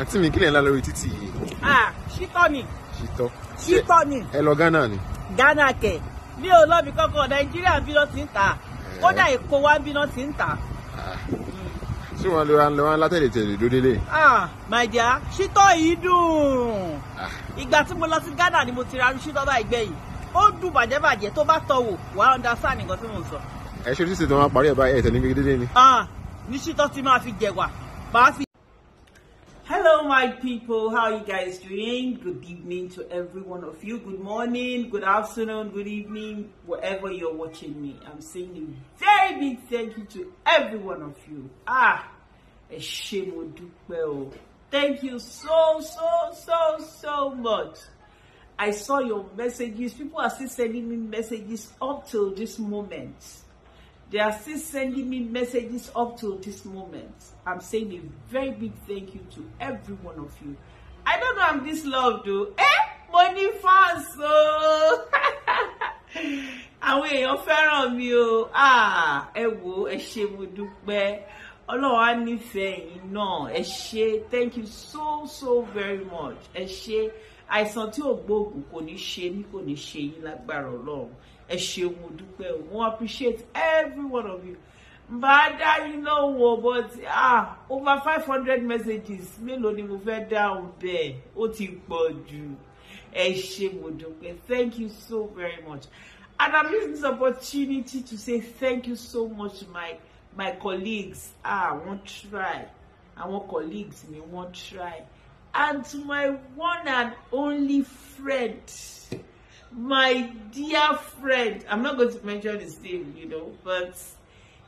àǹtí mi kílẹ̀ ńlá lórí títì yìí. ṣítọ́ ni. ṣítọ́. ṣítọ́ ni. ẹ lọ Ghana ni. Ghana kẹ̀ mi ò lọ́bi kankan Nàìjíríà ń bí náà ti ń tà eh. kódà Èkó wa ń bí náà ti ń tà. Ah. Hmm. ṣé wọn lè wọn lè wọn látẹ̀lẹ̀ tẹ̀lẹ̀ dódélé. màjà ṣítọ́ yìí dùn ah. ìgbà tí mo lọ sí Ghana ni mo ti ra ṣítọ́ báyìí gbẹ̀yìn ó dùn bàjẹ́bàjẹ́ tó bá tọ̀wò wàá understand nǹkan tí mo sọ ẹ ṣe ojúṣe tí wọn parí ẹ báyìí ẹ tẹ ni. Ah, ní ṣítọ́ tí máa fi hello my people how you guys doing good evening to every one of you good morning good afternoon good evening wherever you're watching me i'm saying a very big thank you to every one of you ah ẹ ṣé mo dúpẹ́ o thank you so so so so much i saw your messages people are still sending me messages up till this moment They are still sending me messages up to this moment. I'm saying a very big thank you to every one of you. I don't know I'm this love though. Eh? Money fans o. Oh. Àwọn èèyàn fẹ́ràn mi o. Ah, ẹ wo ẹ ṣé mo dúpẹ́. Ọlọ́run á nífẹ̀ẹ́ yín náà. Ẹ ṣé thank you so so very much. Ẹ ṣé àìsàn tí ò gbóògùn kò ní ṣe mí kò ní ṣe yín lágbára Ọlọ́run ẹ ṣeun mo dúpẹ́ o wọ́n appreciate every one of you bá a dá yín lóhùn o but ah over five hundred messages mélòó ni mo fẹ́ dáhùn bẹ́ẹ̀ ó ti pọ̀ jù ẹ ṣe mo dúpẹ́ thank you so very much and I'm using this opportunity to say thank you so much to my my colleagues ah I wọ́n try àwọn colleagues mi wọ́n try and to my one and only friend, my dear friend. I'm not going to mention his name, you know, but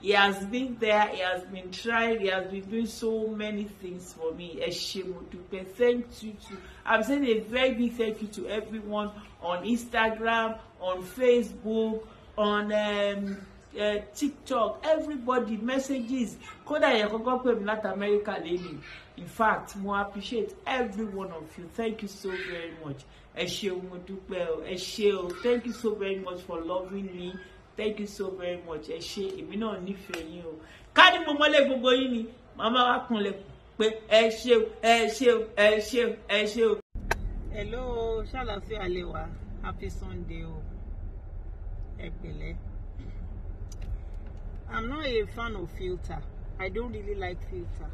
he has been there, he has been trying, he has been doing so many things for me. Eshemodupe, thank you to. I'm saying a very big thank you to everyone on Instagram, on Facebook, on. Um, Eh, tiktok everybody messages kódà yẹn kọ́kọ́ pè mí láti america lẹ́nu in fact mo appreciate every one of you thank you so very much ẹ ṣeun mo dúpẹ́ o ẹ ṣe o thank you so very much for loving me thank you so very much ẹ ṣe èmi náà nífẹ̀ẹ́ yín o ká ní mo mọ́lẹ̀ gbogbo yín ni màmá wa kúnlẹ̀ pé ẹ ṣe o ẹ ṣe o ẹ ṣe o ẹ ṣe o. hello ṣàlàfíà lè wá happy sunday o ẹ pẹ̀lẹ́. I'm not a fan of filter I don't really like filter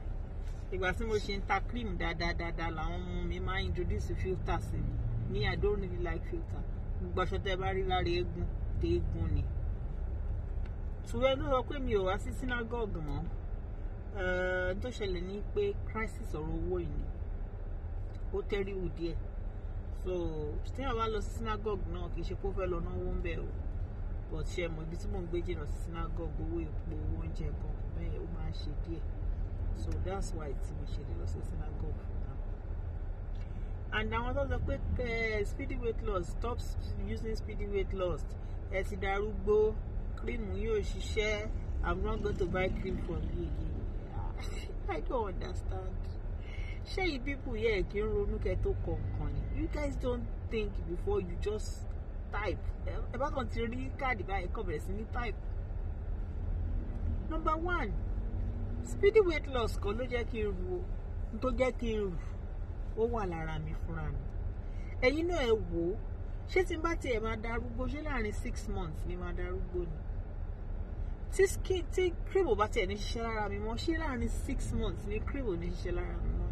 ìgbà tí mo ṣe ń ta cream dáadáa làwọn ọmọ mi máa ń introduce filter sí mi me I don't really like filter gbogbo aṣọ tẹ bá rí lára eégún dé eégún ni tùwẹ́ ló sọ pé mi ò wá sí synagogue mọ́ eh, tó ṣẹlẹ̀ ní pé crisis ọ̀rọ̀ owó yìí ó tẹ́rí díẹ̀ so tí wọ́n bá lọ sí synagogue náà kì í ṣe kó fẹ́ lọ náwó ń bẹ̀ o but ṣe mọ ibi tí mò ń gbé jìnnà sí sinagogue owó epo owó oúnjẹ kan bẹ́ẹ̀ ó máa ń ṣe díẹ̀ so that's why tí mo ṣe lè lọ sí sinagogue now and àwọn tó sọ pé eh, speedy weight loss stop using speedy weight loss ẹ ti darúgbó kírìmù yóò ṣiṣẹ́ i'm not going to buy cream from you again i don't understand ṣé yìí people yẹ kí n ronú kẹ́ tó kọ ni you guys don't think before you just type ẹ bá kàn ti rí káàdì báyìí kàn bẹ̀rẹ̀ sí ní type. number one speedy weight loss kan ló jẹ́ kí n rù ó tó jẹ́ kí n rù ó wà lára mi fúnra mi ẹ̀yin náà ẹ wò ó ṣé tí n bá tiẹ̀ máa darúgbó ṣé láàrin six months ni máa darúgbó ni tí skin tí cream bá tiẹ̀ ní ṣiṣẹ́ lára mi mọ́ ṣé láàrin six months ni cream ní ṣiṣẹ́ lára mi mọ́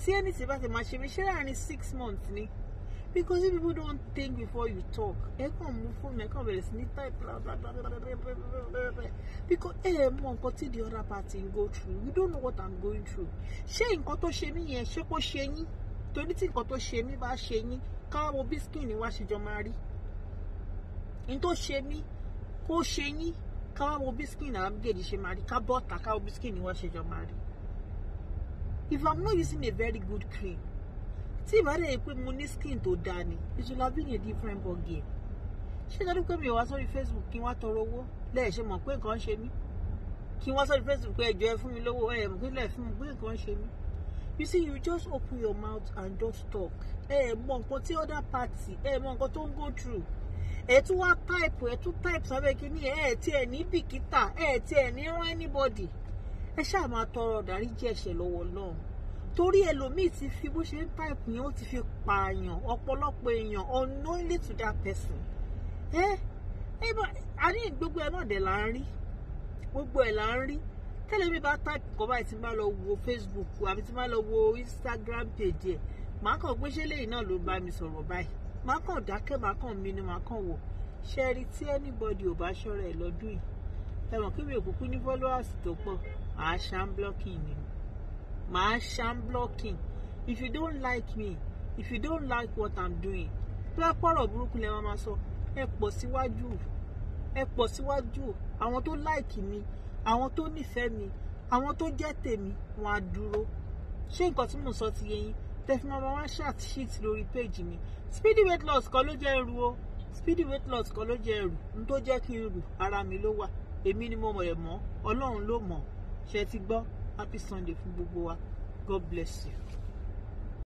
tí ẹni tí bá ti máa ṣe mí ṣé láàrin six months ni because if people don't think before you talk ẹ kàn mú fóònù ẹ kàn bẹ̀rẹ̀ sí type bla bla bla bla bla bla bla bla because ẹ mọ nǹkan tí the other party go through you don't know what i'm going through ṣé nǹkan tó ṣe mí yẹn ṣé kó ṣe yín torí tí nǹkan tó ṣe mí bá ṣe yín káwọ bísíkì ni wá ṣe jọ máa rí n tó ṣe mí kó ṣe yín káwọ bísíkì ni àwọn méjèèjì ṣe máa rí ká bọ́ọ̀tà káwọ bísíkì ni wá ṣe jọ máa rí if i'm not using a very good cream tí ìbádẹ́ yìí pé mo ní skin tó dáa ni it should have been a different ball game ṣé dájú pé mi ò wá sórí Facebook kí n wá tọrọ owó lẹ́ẹ̀ ṣe mọ̀ pé nǹkan ń ṣe mí kí n wá sórí Facebook pé ẹjọ́ ẹ fún mi lówó ẹ̀ mọ̀ pé lẹ́ẹ̀ fún mi pé nǹkan ń ṣe mí you see you just open your mouth and just talk ẹ ẹ mọ̀ nǹkan tí other party ẹ mọ̀ nǹkan tó ń go through ẹ tún wá type ẹ tún type sábẹ́ kínní ẹ ẹ tí ẹ ní bìkítà ẹ ẹ tí ẹ ní rán anybody ẹ ṣáà máa tọrọ dáríjì ẹ̀ṣẹ̀ lọ́wọ́ náà torí ẹlòmíì ti fi bó ṣe ń pipe yẹn ó ti fi pààyàn ọ̀pọ̀lọpọ̀ èèyàn unknowingly to that person ẹ ẹ bá a ní gbogbo ẹ náà dẹ̀ là ń rí gbogbo ẹ̀ là ń rí tẹ́lẹ̀ mi bá type kọ́ báyìí tí n lọ wo Facebook àbí tí n bá lọ wo Instagram page ẹ̀ màá kàn gbé ṣé lẹ́yìn náà ló bá mi sọ̀rọ̀ báyìí màá kàn dákẹ́ màá kàn mí ni màá kàn wò ṣe rí tí anybody ò bá ṣọ́ra ẹ̀ lọ́dún yìí ẹ̀wọ̀n kí mi ò kúkú ní followers tó pọ̀ àṣà ń blocking ni. My ṣam blocking if you don't like me if you don't like what i'm doing pẹ́pọ́rọ̀ burúkú lẹ́ máa sọ ẹ pọ̀ síwájú ẹ pọ̀ síwájú àwọn tó láìkì mi àwọn tó nífẹ̀ẹ́ mi àwọn tó jẹ́ tèmi wọn á dúró ṣé nǹkan tí mò ń sọ ti yé yín tẹfimọ́ máa wá ṣàt shit lórí péjì mi speedy weight loss kọ́ ló jẹ́ ẹrù o speedy weight loss kọ́ ló jẹ́ ẹrù n tó jẹ́ kí n rù ara mi ló wà èmi ni mo mọ̀ ẹ̀ mọ́ ọlọ́run ló mọ̀ ṣe ti gbọ́ happy sunday fún gbogbo wa god bless you.